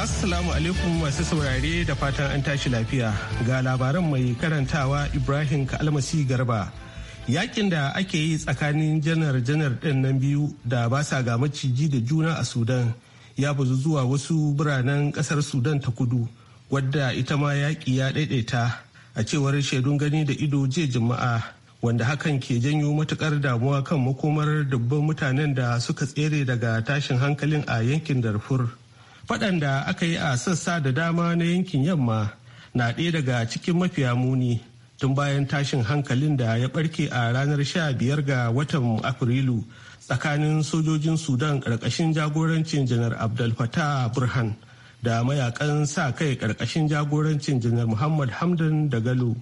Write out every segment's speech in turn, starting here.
Assalamu alaikum masu saurare da fatan an tashi lafiya ga labaran mai karantawa Ibrahim Kalmasi Garba. Yakin da ake yi tsakanin janar-janar ɗin nan biyu da ba sa ga maciji da juna a Sudan ya bazu zuwa wasu biranen ƙasar Sudan ta kudu wadda ita ma yaƙi ya ɗaiɗaita a cewar shaidun gani da ido jiya jama'a. wanda hakan ke janyo matukar damuwa kan makomar dubban mutanen da suka tsere daga tashin hankalin a yankin Darfur. faɗan da aka yi a sassa da dama na yankin yamma na ɗaya daga cikin mafiya muni tun bayan tashin hankalin da ya ɓarke a ranar sha biyar ga watan afrilu tsakanin sojojin sudan ƙarƙashin jagorancin janar abdul fatah burhan da mayakan sa kai ƙarƙashin jagorancin janar muhammad hamdan da galo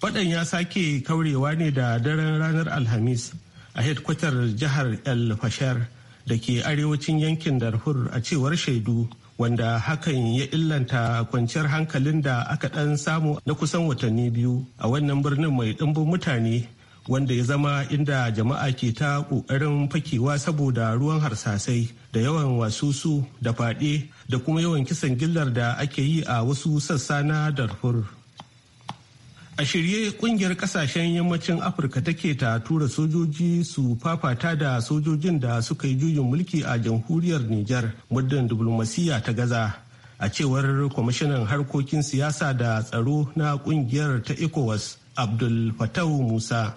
faɗan ya sake kaurewa ne da daren ranar alhamis a hedkwatar jihar el fashar da ke arewacin yankin darfur a cewar shaidu wanda hakan ya illanta kwanciyar hankalin da aka ɗan samu na kusan watanni biyu a wannan birnin mai ɗimbin mutane wanda ya zama inda jama'a ke ta ƙoƙarin fakewa saboda ruwan harsasai da yawan wasusu da faɗe da kuma yawan kisan gillar da ake yi a wasu sassa na darfur. A shirye kungiyar kasashen yammacin Afirka take ta tura sojoji su fafata da sojojin da suka yi juyin mulki a jamhuriyar niger muddin diplomasiya ta gaza. A cewar kwamishinan harkokin siyasa da tsaro na kungiyar ta ECOWAS Abdul Fatau Musa.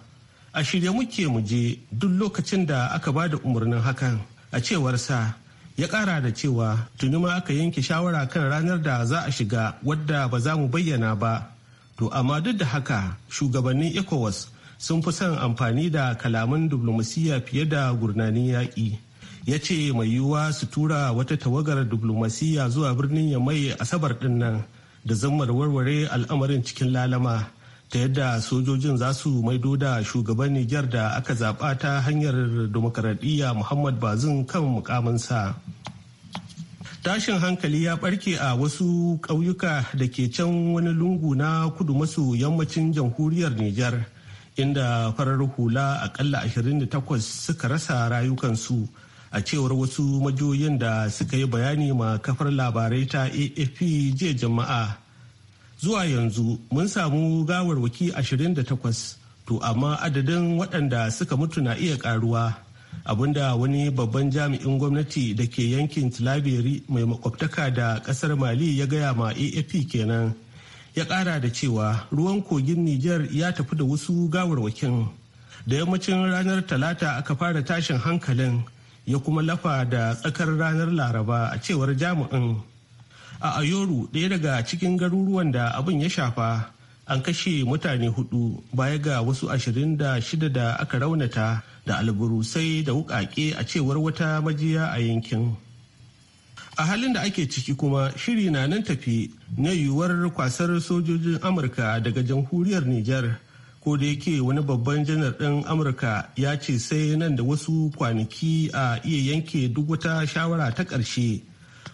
A shirye muke muje duk lokacin da aka ba da umarnin hakan. A cewar sa ya kara da cewa tuni ma aka yanke shawara kan ranar da za a shiga wadda ba za mu bayyana ba to amma duk da haka shugabannin ecowas sun fi son amfani da kalaman diflomasiyya fiye da gurnanin yaƙi ya ce mai yiwuwa su tura wata tawagar diflomasiyya zuwa birnin yamai asabar din nan da zammar warware al'amarin cikin lalama ta yadda sojojin za su maido da shugaban nijar da aka zaɓa ta hanyar demokaradiyya muhammad bazin kan mukaminsa. tashin hankali ya barke a wasu ƙauyuka da ke can wani lungu na kudu maso yammacin jamhuriyar Nijar inda farar hula akalla 28 suka rasa rayukansu a cewar wasu majoyin da suka yi bayani ma kafar labarai ta AFP jiya jama'a. Zuwa yanzu mun samu gawarwaki 28 to amma adadin waɗanda suka mutu na iya ƙaruwa. abinda wani babban jami'in gwamnati da ke yankin tilaberi mai makwabtaka da kasar mali ya gaya ma afp kenan ya kara da cewa ruwan kogin niger ya tafi da wasu gawarwakin da yammacin ranar talata aka fara tashin hankalin ya kuma lafa da tsakar ranar laraba a cewar jami'in a ayoru ɗaya daga cikin garuruwan da abin ya shafa an kashe mutane hudu baya ga wasu ashirin da shida da aka raunata da alburusai da wukake a cewar wata majiya a yankin a halin da ake ciki kuma shiri na nan tafi na yiwuwar kwasar sojojin amurka daga jamhuriyar niger ko da yake wani babban janar ɗin amurka ya ce sai nan da wasu kwanaki a iya yanke duk wata shawara ta ƙarshe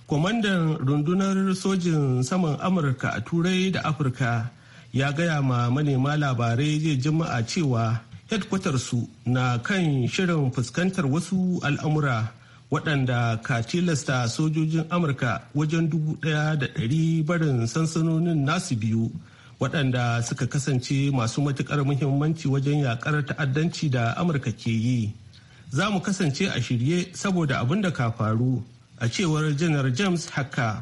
kwamandan rundunar sojin saman amurka a turai da afirka ya gaya ma manema labarai zai jima'a cewa su na kan shirin fuskantar wasu al'amura waɗanda ka tilasta sojojin amurka wajen dubu ɗaya da ɗari barin sansanonin nasu biyu waɗanda suka kasance masu matuƙar muhimmanci wajen yaƙar ta'addanci da amurka ke yi za mu kasance a shirye saboda abin da ka faru a cewar janar james haka.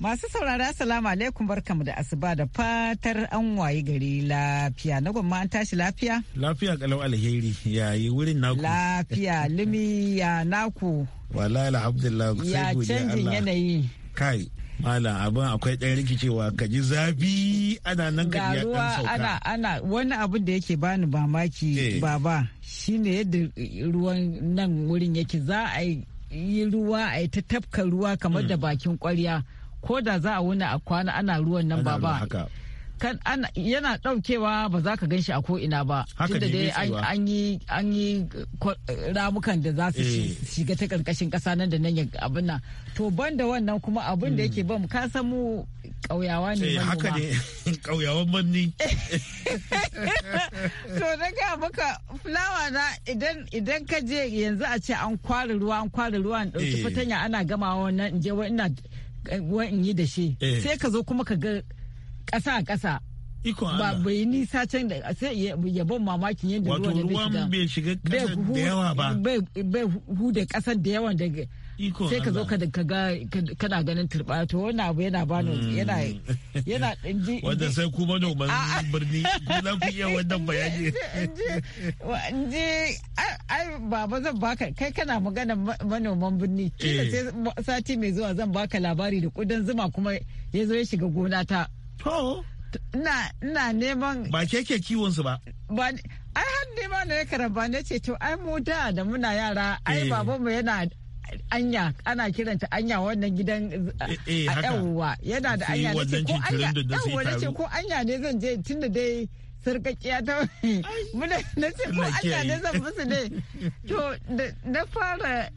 Masu saurara salamu alaikum barkamu da asuba da fatar an wayi gari lafiya na gwamma an tashi lafiya? Lafiya kalau alheri yayi wurin naku. Lafiya limi ya naku. Wallahi alhamdulillah ya canjin yanayi. Kai Mala abin akwai ɗan rikicewa ka ji zafi ana nan ka ji ɗan sauka. ana ana wani abin da yake bani mamaki eh. baba shine yadda ruwan nan wurin yake za a yi ruwa a yi ta tafka ruwa kamar da hmm. bakin kwarya. ko da za a wuni a kwana ana ruwan nan ba ba yana daukewa ba za ka gan shi a ko'ina ba tunda dai an yi ramukan da za su eh. shiga ta karkashin kasa nan da nan ya abin nan to ban da wannan kuma abin da yake hmm. ban ka san mu kauyawa ne eh, manoma haka ne kauyawan manni to na ga maka fulawa na idan idan ka je yanzu a ce an kwara ruwa an kwara ruwa an dauki eh. fatanya ana gamawa wannan in je ina Eh, in yi da shi eh. sai ka zo kuma ka ga ƙasa a ƙasa ba bai nisa can da sai ya ban mamakin yadda ruwan bai bai shiga ƙasar da yawa ba bai hude ƙasar da yawa daga sai ka zo ka ga kana ganin turba to wannan abu yana ba bano hmm. yana yana inji wanda sai ku manoman ah. birni kuma za ku iya wannan bayani inji ai baba zan baka kai kana magana manoman birni kina eh. sai sati mai zuwa zan baka labari da kudin zuma kuma ya zo ya shiga gona ta to ina ina neman ba ke ke kiwon su ba ba ai har ne ma na ya karaba ne ce to ai mu da da muna yara ai eh. babanmu yana anya ana kiranta anya wannan gidan eh, eh, a yawwa yana da anya ne ko anya yawwa nace ko anya ne zan je tunda dai sarkakiya ta muna na ce ko anya ne zan musu ne to na fara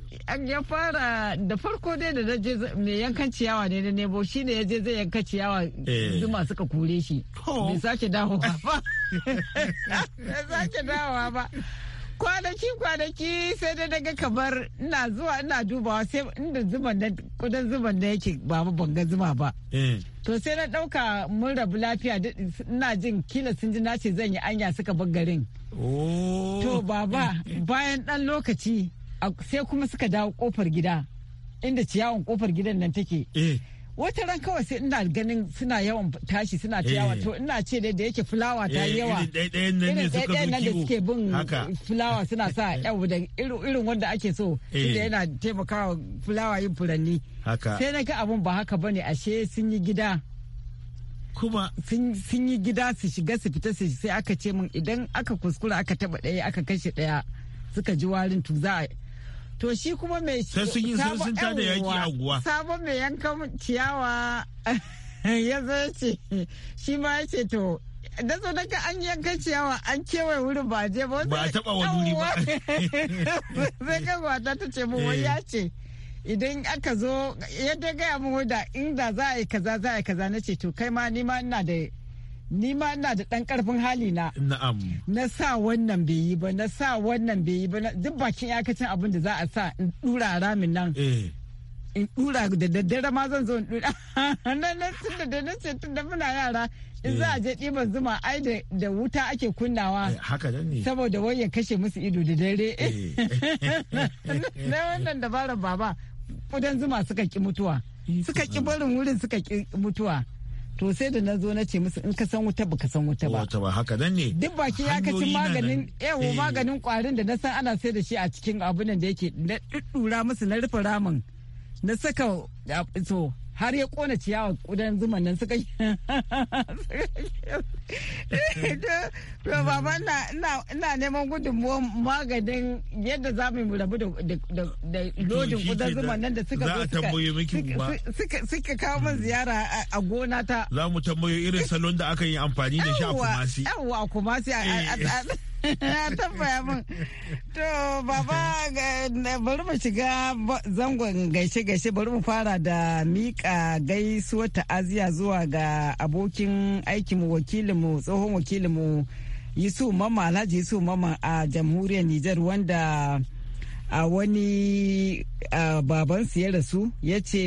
ya fara da farko dai da na je mai yankan ciyawa ne na nebo shi ne ya je zai yanka ciyawa eh. zuma suka kure shi oh. bai sake dawowa ba bai sake dawowa ba kwanaki kwanaki sai da daga kamar ina zuwa ina dubawa sai inda zuma da kudin zuban da yake ba ban ga zuma ba eh. to sai na ɗauka mun rabu lafiya ina jin kila sun ji nace zan yi anya suka bar garin oh. to baba bayan ɗan lokaci sai kuma suka dawo kofar gida inda ciyawan kofar gidan nan take eh. wata ran kawai sai ina ganin suna yawan tashi suna ta yawa eh. to ina ce dai da yake fulawa ta eh, yawa irin nan da suke bin fulawa suna sa yau da irin wanda ake so inda eh. yana taimakawa fulawa yin furanni sai na ga abun ba haka ba bane ashe sun yi gida kuma sun yi gida su shiga su fita su sai aka ce min idan aka kuskura aka taba ɗaya aka kashe ɗaya suka ji warin to za a to shi kuma mai sai sun yi sai yaki a guwa sabon mai yankan ciyawa ya zai ce shi ma ya ce to da so daga an yanka ciyawa an kewaye wurin ba je ba ba taba wa duri ba sai ka gwata ta ce mu wai eh. ya ce idan aka zo yadda gaya mu da inda za a yi kaza za a yi kaza na ce to kai ma ni ma ina da ni ma ina da ɗan ƙarfin hali na na sa wannan bai yi ba na sa wannan bai yi ba duk bakin yakacin abin da za a sa in dura ramin nan eh. in dura da daddare ma zan zo in dura nan tun da nan ce tun da muna yara in za a eh. je ɗiban zuma ai da wuta ake kunnawa eh, haka ne saboda wai ya kashe musu ido da dare na wannan dabarar baba kudan zuma suka ki mutuwa suka ki barin wurin suka ki mutuwa to sai da na zo na ce musu in ka san wuta ba ka san wuta ba. Wata ba haka nan ne. Duk baki ya kaci maganin ewo eh. maganin kwarin da na san ana sai da shi a cikin abunan da yake na ɗuɗɗura musu na rufe ramin na saka so har ya kona ciyawa kudan zuman nan suka to baba ina neman gudun maganin yadda za mu rabu da lodin kudan zuman nan da suka suka kawo min ziyara a gona ta za mu tambayo irin salon da aka yi amfani da shi a kumasi yawwa a kumasi eh. ya tambaya min to baba bari mu shiga zangon gaishe-gaishe bari mu fara da mika gaisuwar ta'aziya zuwa ga abokin aikinmu wakilinmu tsohon wakilinmu yusuf mama alhaji yusuf mama a jamhuriyar nijar wanda a wani babansu ya rasu ya ce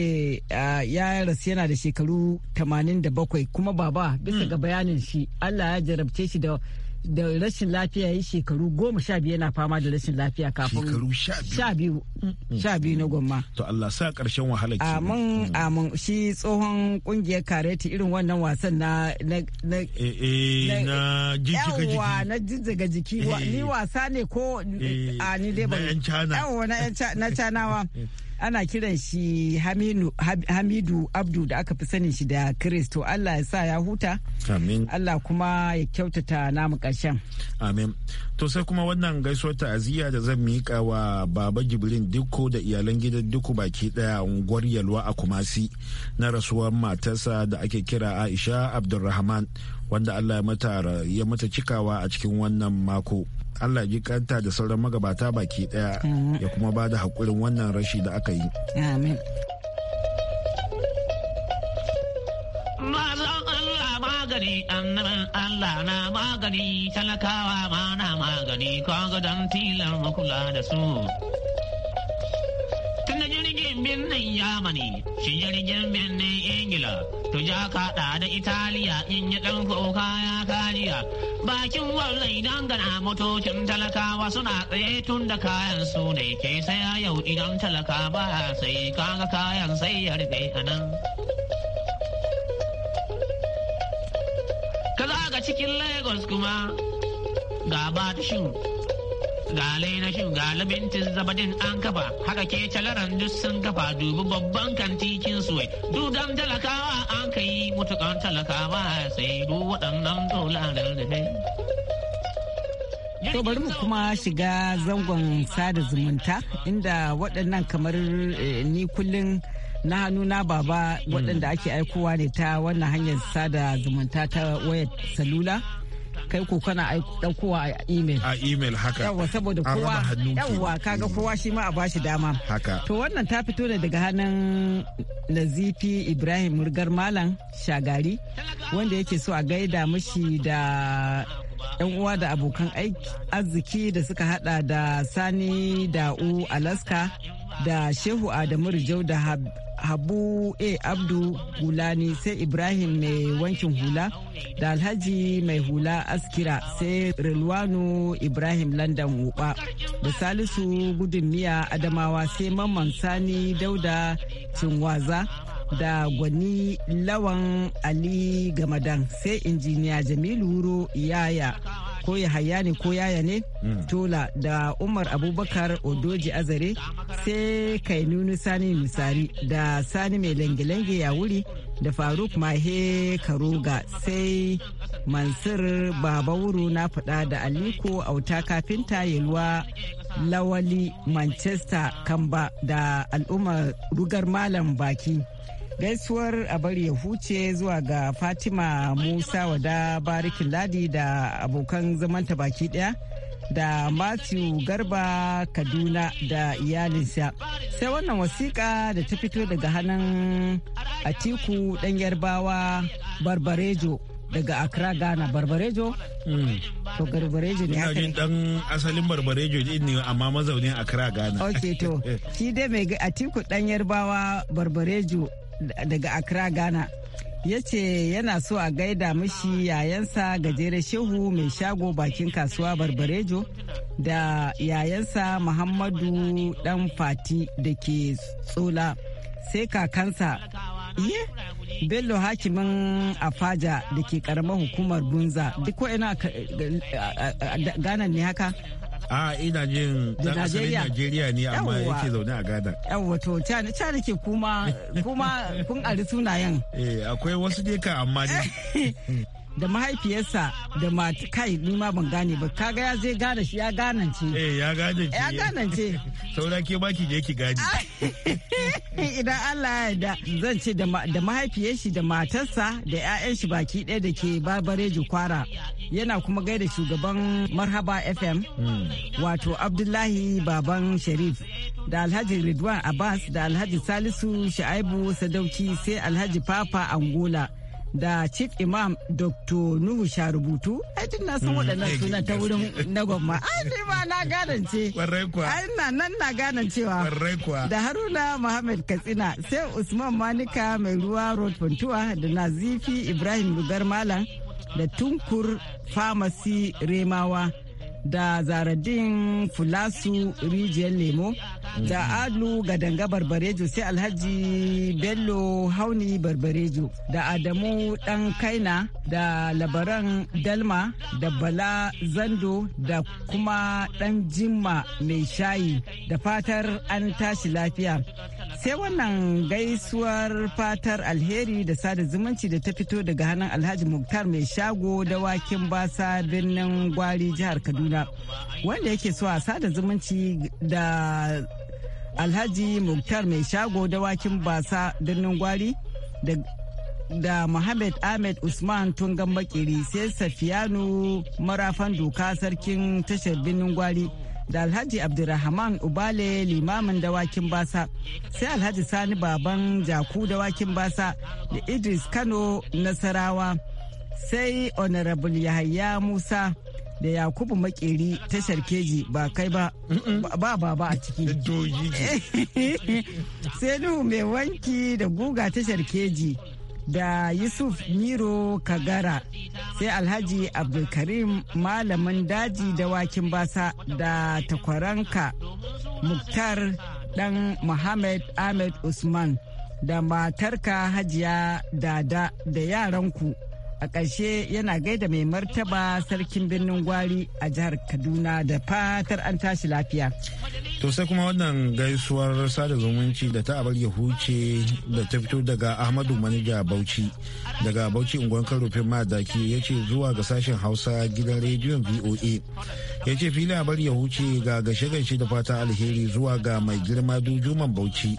ya rasu yana da shekaru 87 kuma baba bisa mm. ga bayanin shi allah ya jarabce shi da da rashin lafiya ya shekaru goma sha biyu yana fama da rashin lafiya kafin shekaru sha biyu sha biyu mm, mm. na gwamma to Allah sa karshen wahalar ki amin mm. amin shi tsohon kungiyar kareti irin wannan wasan na na na eh, eh, na jijjiga jiki yawa na jijjiga jiki ni eh. wasa ne ko a ni dai ba na yan cana na canawa ana kiran shi hamidu abdu da aka fi sanin shi da kristo allah ya sa ya huta amin allah kuma ya kyautata namu karshen amin to sai kuma wannan gaisuwar ta'aziyya da zan miƙa wa baba jibrin dukko da iyalan gidan duku baki daya unguwar yalwa a kumasi na rasuwar matarsa da ake kira aisha abdulrahman wanda allah ya mata cikawa a cikin wannan mako Allah ji kanta da sauran magabata baki daya ya kuma ba da haƙurin wannan rashi da aka yi. Amin. magani annaban Allah na magani talakawa ma na magani kaga don tilar makula da su. Tun da jirgin birnin Yamani, shi jirgin birnin Ingila, to ja kaɗa da Italiya in yi ɗan kaya kariya bakin wallan idan gana motocin talakawa suna tsaye tun da kayan su ne ke saya yau idan talaka ba sai kaga kayan sai ya rufe a nan. Ka cikin Lagos kuma ga ba ga laina shin ga zabadin an kafa haka ke calaran duk sun kafa dubi babban kantikin su dudan talakawa an ka yi mutukan talakawa sai du waɗannan dolarar da dai To bari mu kuma shiga zangon sada zumunta inda waɗannan kamar eh, ni kullum na hannu na baba waɗanda ake aikowa ne ta wannan hanyar sada zumunta ta wayar salula kai ko kana daukowa a email a email haka yawa saboda kowa yawa kaga kowa shi ma a bashi dama haka to wannan ta fito ne daga hannun nazifi ibrahim murgar malam shagari wanda yake so a gaida mashi da yan uwa da abokan arziki da suka hada da sani da'u alaska da shehu adamu rijau da habu a abdu hulani sai ibrahim mai wankin hula da alhaji mai hula askira sai rilwanu ibrahim landan uba da salisu gudun miya adamawa sai mamman sani dauda cinwaza da gwani lawan ali gamadan sai injiniya jamilu wuro yaya ko yahaya ne ko yaya ne hmm. tola da umar abubakar odoji azare sai kai kainunu sani misari da sani mai lange-lange ya wuri da faruk mahe karuga sai mansur wuru na fada da aliko auta kafinta yalwa lawali manchester kamba da al'ummar rugar malam baki gaisuwar a bari ya huce zuwa ga fatima musa wada barikin ladi da abokan zamanta baki daya da matthew garba kaduna da iyalinsa sai wannan wasiƙa da ta fito daga hannun atiku ɗan yarbawa barbarejo daga Accra Ghana Barbarejo? Hmm. To Barbarejo ne haka. Ina dan asalin Barbarejo ne amma mazaunin Accra Ghana. Ok to, shi dai mai Atiku dan Yarbawa Barbarejo daga Accra Ghana. ya ce yana so a gaida mashi yayansa gajere shehu mai shago bakin kasuwa barbarejo da yayansa muhammadu dan fati da ke tsola sai kakansa iye bello hakimin afaja da ke karamar hukumar bunza duk wa'ina ganar ne haka a ina jin dan asalin Najeriya ne amma yake zaune a Ghana yawwa to can nake kuma kuma kun ari sunayen eh akwai wasu dai ka amma ne da mahaifiyarsa da mata kai ni ban gane ba kaga ya zai gane shi ya ganance eh ya ganance ya ganance saura ke baki je ki gane idan Allah ya yarda zan ce da mahaifiyar da matarsa da ƴaƴan shi baki ɗaya da ke barbareji kwara yana kuma gaida shugaban marhaba fm hmm. wato abdullahi baban sharif da alhaji ridwan abbas da alhaji salisu sha'aibu sadauki sai alhaji papa angola da chief imam dr nuhu sha rubutu tun na san mm. waɗannan sunan ta wurin na gwamma ai ma na ganance ai nan na ganancewa da haruna muhammad katsina sai usman manika mai ruwa road puntuwa da nazifi ibrahim lugar malam da tunkur pharmacy remawa da zaradin fulasu rijiyar lemo da alu danga barbarejo sai alhaji bello hauni barbarejo da adamu dan kaina da labaran dalma da bala zando da kuma dan jimma mai shayi da fatar an tashi lafiya sai wannan gaisuwar fatar alheri da sada zumunci da ta fito daga hannun alhaji muktar mai shago da wakin basa birnin gwari jihar kaduna wanda yake so a sada zumunci da alhaji muktar mai shago da wakin basa birnin gwari da Muhammad Ahmed Usman Tungan Bakiri sai Safiyanu marafan doka sarkin tashar birnin gwari da Alhaji Abdulrahman Ubale limamin dawakin basa sai Alhaji Sani Baban Jaku dawakin basa da Idris Kano Nasarawa sai Honorable Yahaya Musa da yakubu makeri tashar keji ba kai ba ba ba ba a ciki sai nuhu mai wanki da guga tashar keji da yusuf miro kagara sai alhaji abdulkarim malamin daji da wakin basa da takwaranka muktar dan muhammad ahmed usman da matarka hajiya dada da yaranku a ƙarshe yana gaida mai martaba sarkin birnin gwari a jihar kaduna da fatar an tashi lafiya to sai kuma wannan gaisuwar sada zumunci da ta abar ya huce da ta fito daga ahmadu manija bauchi daga bauchi unguwan karofin madaki ya ce zuwa ga sashen hausa gidan rediyon voa ya ce fili abar ya huce ga gashe-gashe da fata alheri zuwa ga mai girma dujuman bauchi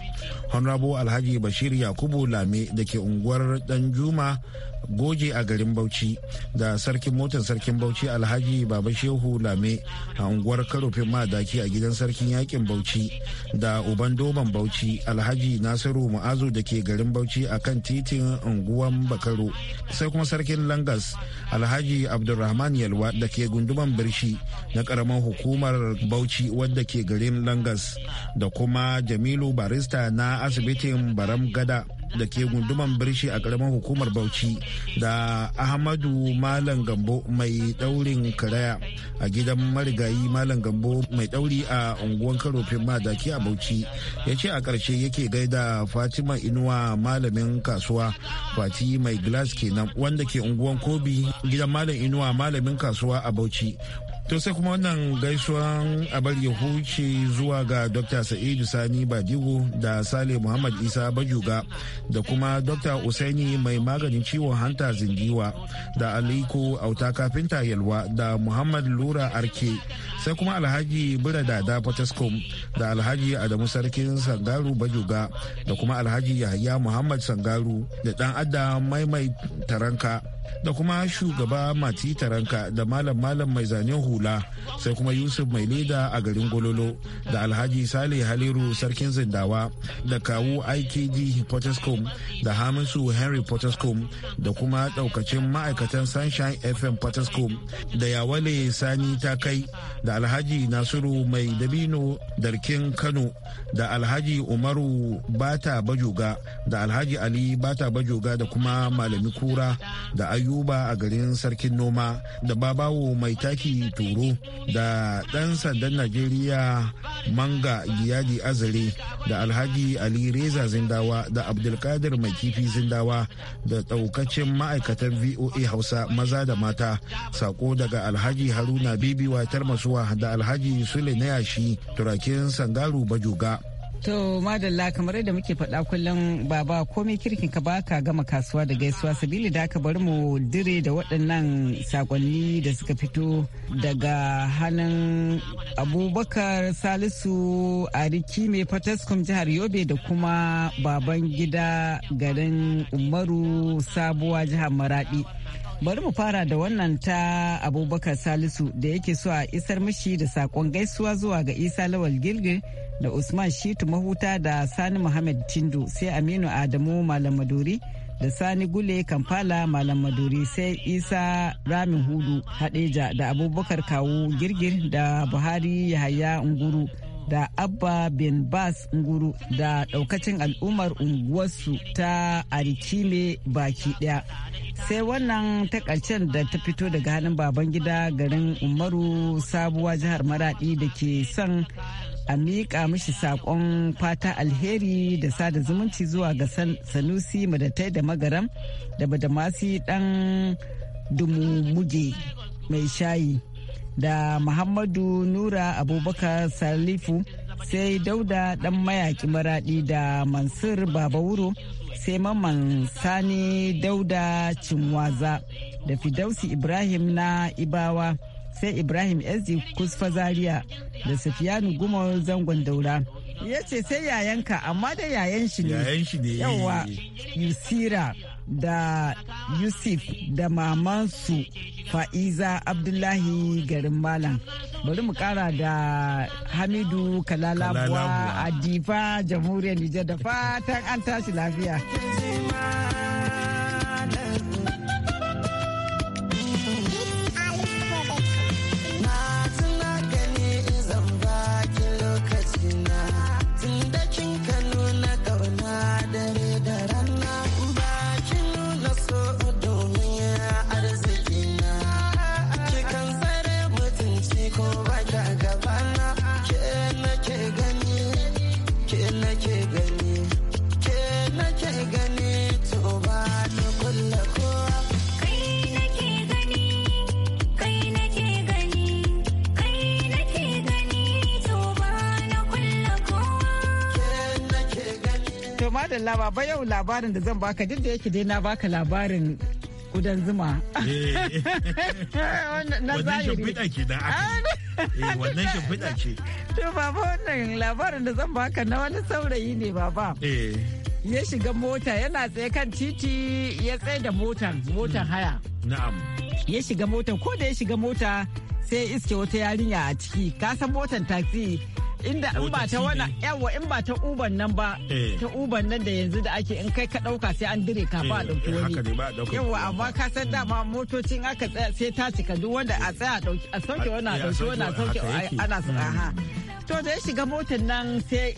honorable alhaji bashir yakubu lame da ke unguwar dan juma goje a garin bauchi da sarkin motar sarkin bauchi alhaji baba shehu lame a unguwar karofin madaki a gidan sarkin yakin bauchi da uban doban bauchi alhaji nasiru mu'azu da ke garin bauchi a kan titin unguwan bakaro sai kuma sarkin langas alhaji abdulrahman yalwa da ke gunduman birshi na karamar hukumar bauchi wadda ke garin langas da kuma jamilu barista na asibitin baram gada da ke gunduman birshi a karamar hukumar bauchi da ahmadu malam gambo mai daurin karaya a gidan marigayi malam gambo mai dauri a unguwan karofin madaki a bauchi ya ce a ƙarshe yake gaida fatima inuwa malamin kasuwa fati mai glass kenan wanda ke unguwan kobi gidan malam inuwa malamin kasuwa a bauchi To sai kuma wannan gaisuwan abar ya huce zuwa ga Dr. Sa'idu Sani Badigo da Sale Muhammad Isa Bajuga da kuma Dr. Usaini mai maganin ciwon hanta zingiwa da Aliko Auta Kafinta Yalwa da Muhammad Lura Arke sai kuma Alhaji Bura Dada Potescom da Alhaji Adamu Sarkin Sangaru Bajuga da kuma Alhaji Yahya Muhammad Sangaru da dan adda Maimai Taranka da kuma shugaba Mati Taranka da malam malam mai zanen Hu hula sai kuma yusuf mai leda a garin gololo da alhaji sale haliru sarkin zindawa da kawu ikg potescom da hamisu henry potescom da kuma daukacin ma'aikatan sunshine fm potescom da yawale sani ta kai da alhaji nasiru mai dabino darkin kano da alhaji umaru bata bajoga da alhaji ali bata bajoga da kuma malami kura da ayuba a garin sarkin noma da babawo mai taki to Atinubu da ɗan sandan Najeriya Manga Giyadi Azare da Alhaji Ali Reza Zindawa da Abdulkadir Mai Kifi Zindawa da ɗaukacin ma'aikatan VOA Hausa maza da mata sako daga Alhaji Haruna Bibi Watar da Alhaji Sule na yashi turakin Sangaru Bajuga To madalla kamar yadda muke faɗa kullum baba komai kirkin ka baka gama kasuwa da gaisuwa sabili da aka bari mu dire da waɗannan sakonni da suka fito daga hannun abubakar salisu ariki mai fataskum jihar yobe da kuma baban gida garin umaru sabuwa jihar maradi bari mu fara da wannan ta abubakar salisu da yake so a isar mishi da sakon gaisuwa zuwa ga isa lawal gilgir da usman shitu mahuta da sani muhammad tindu sai aminu adamu malam maduri da sani gule kampala malam maduri sai isa ramin hudu hadeja da abubakar kawo girgir da buhari yahaya unguru. da abba bin bas nguru da daukacin al'ummar unguwarsu ta arikile baki daya sai wannan takarcen da ta fito daga hannun babangida garin umaru sabuwa jihar maradi da ke son a miƙa mishi saƙon fata alheri da sada zumunci zuwa ga sanusi madatai da magaram da badamasi ɗan dumumuge mai shayi da muhammadu nura abubakar salifu sai dauda dan mayaki maraɗi da mansur babawuro sai mamman sani dauda cinwaza da fidausi ibrahim na ibawa sai ibrahim sd kusfa zaria da safiyanu gumar zangon daura ya ce sai yayanka amma da yayan shi ne yawa yusira da yusuf da mamansu fa'iza abdullahi garin malam bari mu kara da hamidu kalalabuwa a difa jamhuriyar nijar da fatan an tashi lafiya wannan madalla ba yau labarin da zan baka duk da yake dai na baka labarin gudan zuma. Eh. Ah, eh, wannan shimfiɗa ke To baba wannan labarin da zan baka na wani saurayi ne baba. Eh. Ya shiga mota yana tsaye kan titi ya tsaye da motan motan mm. haya. Na'am. Ya shiga mota ko da ya shiga mota sai iske wata yarinya a ciki kasan motan taxi inda in ba ta wani yawa in ba ta uban nan ba eh. ta uban nan da yanzu da ake in kai ka dauka sai an dire ka eh, eh, ba a dauki wani yawa amma ka san dama motocin aka tsaya sai ta cika duk wanda a tsaya a dauki a sauke wani a dauki wani a sauke ana su mm. aha to da ya shiga motar nan sai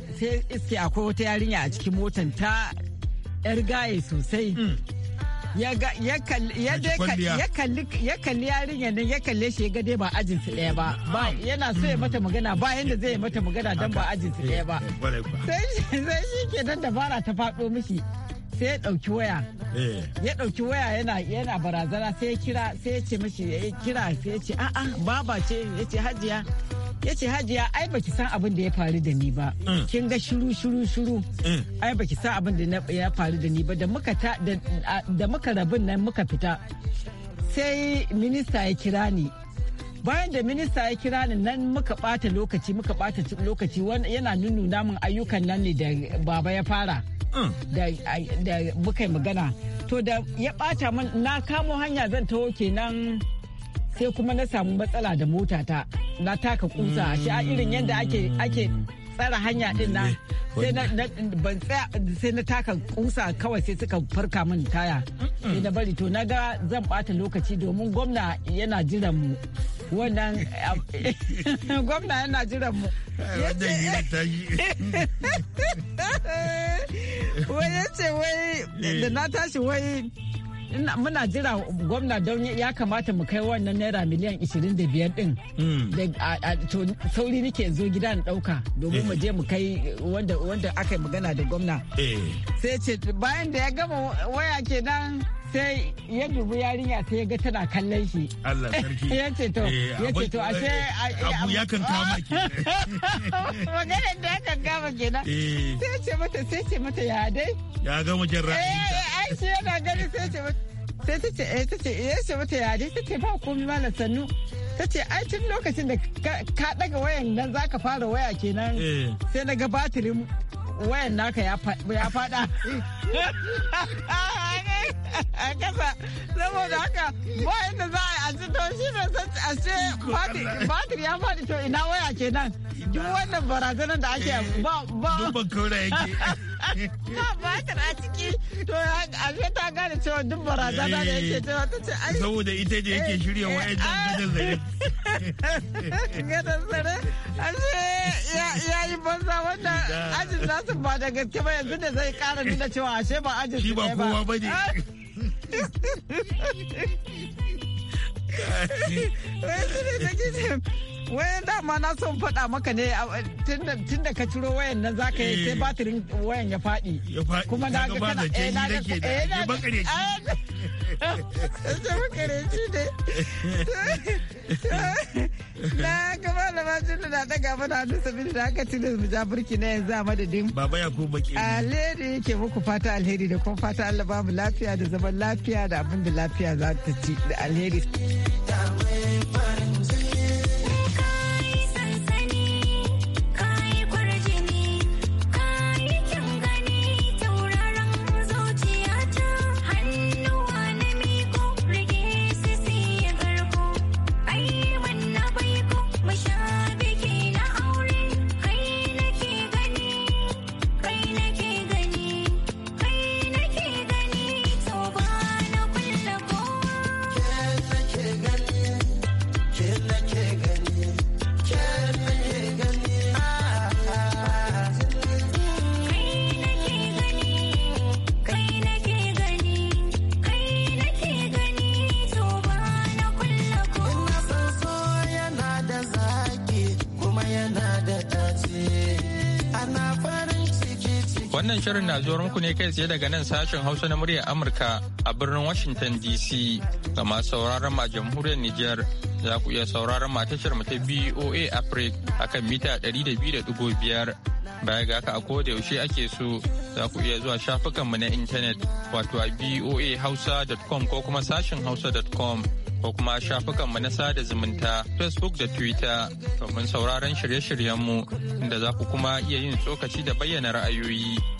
iske akwai wata yarinya a cikin motar ta yar gaye sosai mm. ya kalli yarinyar nan ya kalle shi ya ga dai ba ajin su ɗaya ba yana so ya mata magana ba yadda zai mata magana don ba ajin su ɗaya ba eh, sai shi ke nan dabara ta faɗo mishi sai ya ɗauki waya eh. ya ɗauki waya yana barazana sai ya kira sai ya ce mishi ya kira sai ya ce a'a baba ce ya ce hajiya ya ce hajiya ai baki san abin da ya faru da ni ba mm. kin ga shiru shiru shiru mm. ai baki san abin da ya faru da ni ba da muka da muka rabin nan muka fita sai minista ya kira ni bayan da minista ya kira ni nan muka bata lokaci muka bata lokaci yana nuna mun ayyukan nan ne da baba ya fara mm. da muka yi magana to da ya bata min na kamo hanya zan taho kenan sai kuma na samu matsala da motata na taka kusa shi a irin yadda ake ake tsara hanya din na mm. sai na taka kusa kawai sai suka farka min taya sai na bari to na ga zan bata lokaci domin gwamna yana jiran mu wannan gwamna yana jiran mu wai ya ce wai da na tashi wai muna jira gwamna don ya kamata mu kai wannan naira miliyan 25 din hmm. to sauri nake zo gida na dauka domin mu eh. je mu kai wanda aka yi magana da gwamna eh. sai ce bayan da ya gama waya kenan sai ya dubi yarinya sai ya ga tana kallon shi. Allah sarki. Ya ce to, eh, ya ce to ashe eh, abu ya kan kama ke. Maganar da ya kan kama kenan. Eh. Sai ce mata sai ce mata ya dai. Ya gama jin Eh, ai shi yana gani sai ce mata. Sai ta ce eh ta ce ya ce mata ya dai ta ce ba komai ma na sannu. ta ce ai tun lokacin da ka daga wayan nan za ka fara waya kenan sai na ga batirin wayan naka ya fada a kasa saboda haka ba yadda za a ci to shi ne a ce batir ya faɗi to ina waya kenan duk wannan barazanar da ake eh, ba ba ba kaura yake ba batir a ciki to a ce ta gane cewa duk barazana da yake eh, cewa ta ce ai saboda ita je yake eh, shirya wayan gidan zare gidan zare a ce ya yi banza wanda ajin nasu ba da gaske ba yanzu da zai kara nuna cewa ashe ba ajin shi ba kowa ba ne ah, wayan dama na son faɗa maka ne tun ka ciro wayan nan za ka yi sai eh. batirin wayan ya faɗi kuma na ga kana eh na ga eh na ga eh na ga na gaba da masu na daga mana hannu saboda da aka tilo mu ja burki na yanzu a madadin baba ya ku baki alheri yake muku fata alheri da kuma fata Allah ba mu lafiya da zaman lafiya da abin da lafiya za ta ci da alheri Wannan shirin na zuwa muku ne kai tsaye daga nan sashen Hausa na muryar Amurka a birnin Washington DC. Ga masu sauraron ma jamhuriyar Nijar za ku iya sauraron ma tashar mu ta BOA Africa akan mita 200.5. Baya ga haka a koda yaushe ake so za ku iya zuwa shafukan mu na intanet wato a boahausa.com ko kuma sashen hausa.com ko kuma mu na sada zumunta facebook da twitter domin sauraron shirye-shiryenmu inda za ku kuma iya yin tsokaci da bayyana ra'ayoyi.